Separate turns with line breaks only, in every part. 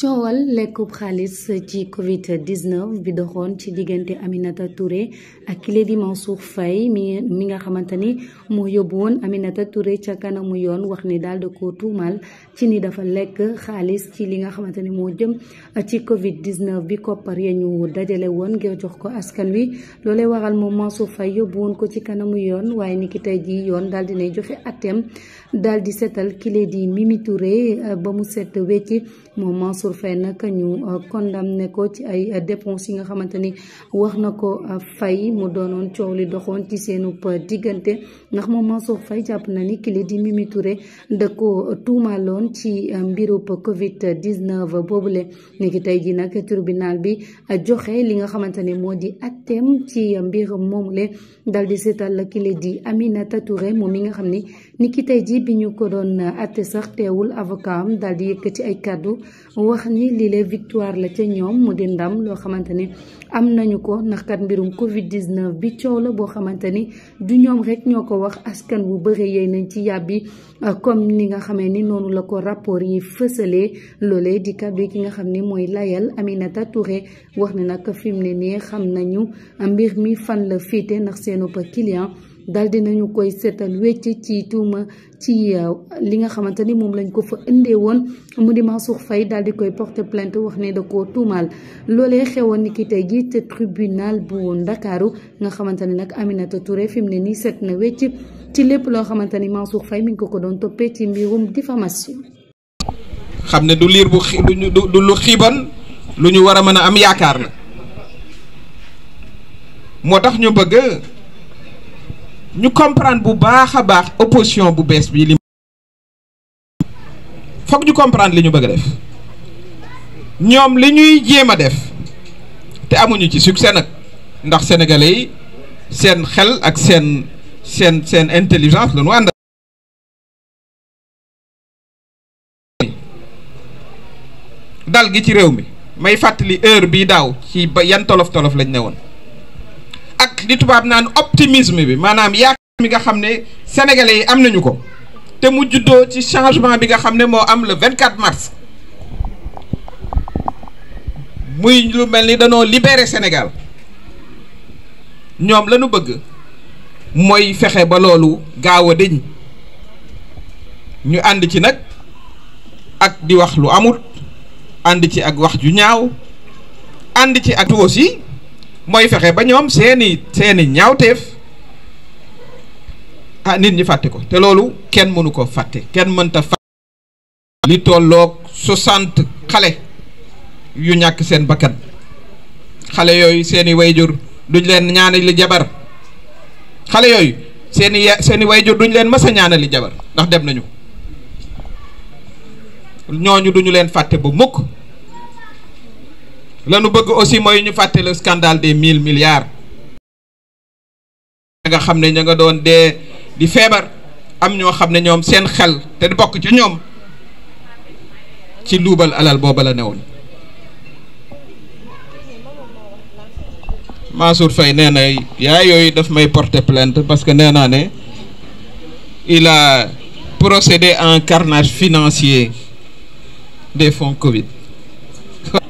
coowal lekkub xaalis ci Covid 19 bi doxoon ci diggante Aminata Touré ak kile di Mansour Faye mi nga xamante ni moo yóbbu woon Aminata Touré ca kanamu yoon wax ni daal di ko tuumal ci ni dafa lekk xaalis ci li nga xamante ni moo jëm ci Covid 19 bi koppar ya ñu dajale woon ngir jox ko askan wi loolee waral moom Mansour Faye yóbbu woon ko ci kanamu yoon waaye ni ki tey jii yoon daal di ne joxe atteem daal di seetal kile di Mimi Touré eh, ba mu set wecci moom Mansour Faye nag ñu euh, condamné ko ci ay euh, dépenses yi nga xamante ni wax na ko euh, fay mu doonoon coow li doxoon ci seenub diggante ndax moom Mansour Faye jàpp na ni kii di Mimi Touré da ko tuumaaloon ci mbirub Covid 19 boobule niki tey ji nag tribunal bi joxe li nga xamante ni moo di atteem ci mbir moomule dal di seetal kii di Aminata Touré moom mi nga xam ni niki tey ji bi ñu ko doon atte sax teewul avocat am dal di yëkkati ay kàddu wax wax lii la victoire la ca ñoom mu di loo xamante ni am nañu ko ndax mbirum Covid 19 bi coow la boo xamante ni du ñoom rek ñoo ko wax askan wu bëre yee nañ ci yàbbi euh, comme ni nga xame ni noonu la ko rapport yi fësalee loole di kàddu ki nga xam ni mooy layal Aminata Touré wax ni nag fi mu ne nii xam nañu mbir mi fan la féete ndax seen client dal ñu koy seetal wecc ci tuuma ci euh, li nga xamante ni moom lañ ko fa indee woon mu di Mansour Faye daal di koy porter plainte wax ne da koo tuumaal loole xewoon ni ki tey ji te tribunal bu Ndakaaru nga xamante ne nag Aminata Touré fi mu ne ni set na wecc ci lépp loo xamante ni Mansour Faye mi ngi ko ko doon toppee ci mbirum diffamation
xam ne du liir bu du lu xiiban lu ñu war a mën a am yaakaar la moo tax ñu bëgg ñu comprendre bu baax a baax opposition bu bees bii li foog ñu comprendre li ñu bëgg def ñoom li ñuy jéem a def te amuñu ci succès nag ndax sénégalais yi seen xel ak seen seen seen intelligence la ñu ànd dal gi ci réew mi may fàttali heure bii daaw ci ba yan tolof tolof lañ ne woon ak li tubaab naan optimisme bi maanaam yaakaar mi nga xam ne sénégalais yi am nañu ko te mu juddoo ci changement bi nga xam ne moo am le 24 mars muy lu mel ni danoo libéré Sénégal ñoom lañu bëgg mooy fexe ba loolu gaaw a dëñ ñu ànd ci nag ak di wax lu amul ànd ci ak wax ju ñaaw ànd ci ak aussi mooy fexe ba ñoom seeni seeni ñaawteef a ah, nit ñi fàtte ko te loolu kenn mënu koo fàtte kenn mënta fàtte li tolloog soixante xale yu ñàkk seen bakkan xale yooyu seeni wayjur duñ leen ñaanali jabar xale yooyu seeni seeni wayjur duñ leen mës a ñaanali jabar ndax dem nañu ñooñu duñu leen fàtte ba mukk lanu bëgg aussi mooy ñu fàtte le scandale des mille milliards nga xam ne ñu nga doon dee di feebar am ñoo xam ne ñoom seen xel te di bokk ci ñoom ci luubal alal booba la newoon Mansour Faye nee na yaay yooyu daf may porter plainte parce que nee naa ne il a procédé à un carnage financier des fonds Covid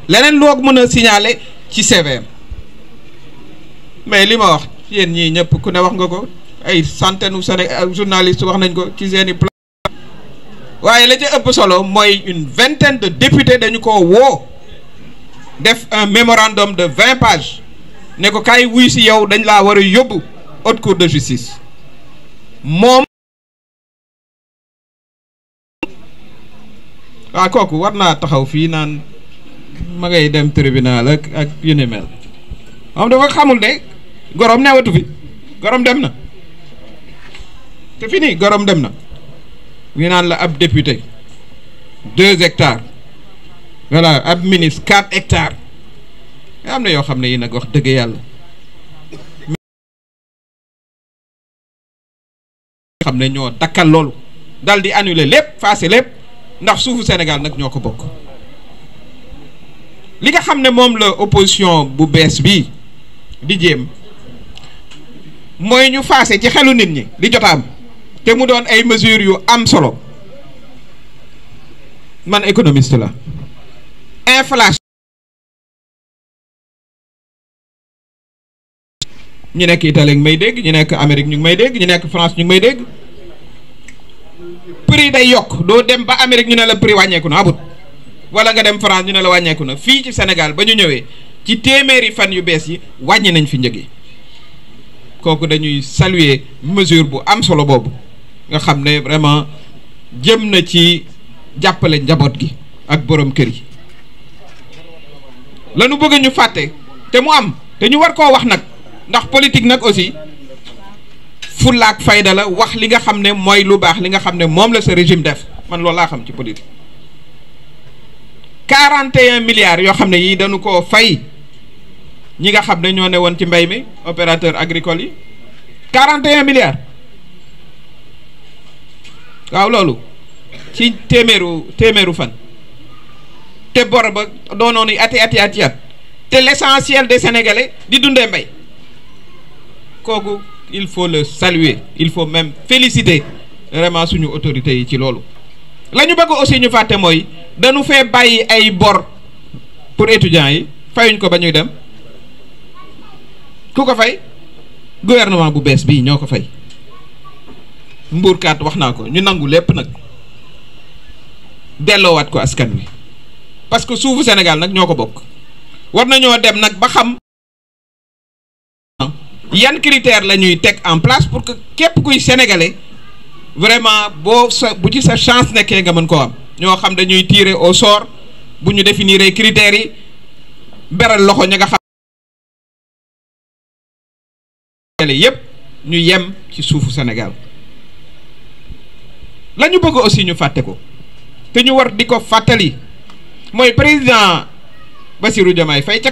leneen loo mën a signaler ci CVM mais li ma wax yéen ñii ñëpp ku ne wax nga ko ay centaine ou Sénégal journaliste wax nañ ko ci seen i plan waaye la ca ëpp solo mooy une vingtaine de députés dañu ko woo def un mémorandum de vingt page ne ko kaay wuy si yow dañ laa war a yóbbu haute cour de justice moom
waaw kooku war naa
taxaw fii naan ma ngay dem tribunal ak ak yu ni mel moom dafa xamul de gorom newatu fi gorom dem na te fini gorom dem na ñu naan la ab député deux hectares voilà ab ministre quatre hectares am na yoo xam ne yi nag wax dëgg
yàlla xam
ne ñoo dakkal loolu dal di annule lépp faase lépp ndax suufu Sénégal nag ñoo ko bokk li nga xam ne moom la opposition bu bees bi di jéem mooy ñu faase ci xelu nit ñi di jot am te mu doon ay mesures yu am solo man économiste la inflation ñu nekk Italie ngi may dégg ñu nekk Amérique ñu ngi may dégg ñu nekk France ñu ngi may dégg prix day yokk doo dem ba Amérique ñu ne la prix wàññeeku naa abut wala nga dem France ñu ne la wàññeeku na fii ci Sénégal ba ñu ñëwee ci téeméeri fan yu bees yi wàññi nañ fi njëg kooku dañuy saluer mesure bu am solo boobu nga xam ne vraiment jëm na ci jàppale njaboot gi ak borom kër yi lañu bëgg ñu fàtte te mu am te ñu war koo wax nag ndax politique nag aussi fullaak fayda la wax li nga xam ne mooy lu baax li nga xam ne moom la sa régime def man loolu laa xam ci politique 41 milliards yoo xam ne yii dañu koo fay ñi nga xam ne ñoo ne woon ci mbay mi opérateur agricole yi quarante 41 milliards waaw loolu ci téeméeru téeméeru fan te bor ba doonoonu ati ati ati at te l'essentiel des Sénégalais di dundee mbay kooku il faut le saluer il faut même féliciter vraiment suñu autorités yi ci loolu la ñu bëgg aussi ñu fàtte mooy danu fee bàyyi ay bor pour étudiants yi fayuñ ko ba ñuy dem ku ko fay gouvernement bu bees bii ñoo ko fay mbuurkaat wax naa ko ñu nangu lépp nag delloowaat ko askan wi parce que suufu Sénégal nag ñoo ko bokk war nañoo dem nag ba xam yan critère la ñuy teg en place pour que képp kuy sénégalais vraiment boo sa bu ci sa chance nekkee nga mën koo am ñoo xam dañuy tirer au sort bu ñu définir ay critères yi beral loxo ña nga xam yépp ñu yem ci suufu Sénégal lañu ñu bëgg aussi ñu fàtte ko te ñu war di ko fàttali mooy président Bassirou Diomaye Faye ca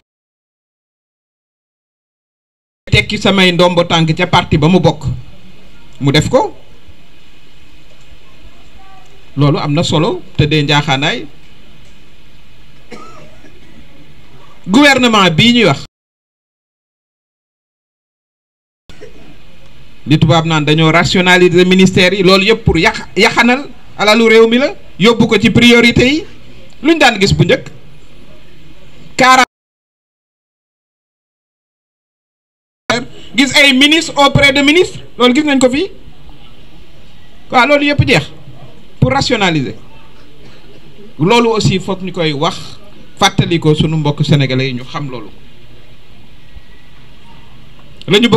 tekki samay ndomb tànk ca partie ba mu bokk mu def ko loolu am na solo tëddee njaaxaanaay guvernement bii ñuy wax li tubaab naan dañoo rationaliser ministère yi loolu yëpp pour yàq yaxanal alalu réew mi la yóbbu ko ci priorité yi luñ
daan gis bu njëkk
gis ay ministre auprès de ministre loolu gis nañ ko fii waaw loolu yëpp jeex pour rationaliser loolu aussi foog ñu koy wax fàttali ko sunu mbokk sénégalais yi ñu xam loolu
la ñu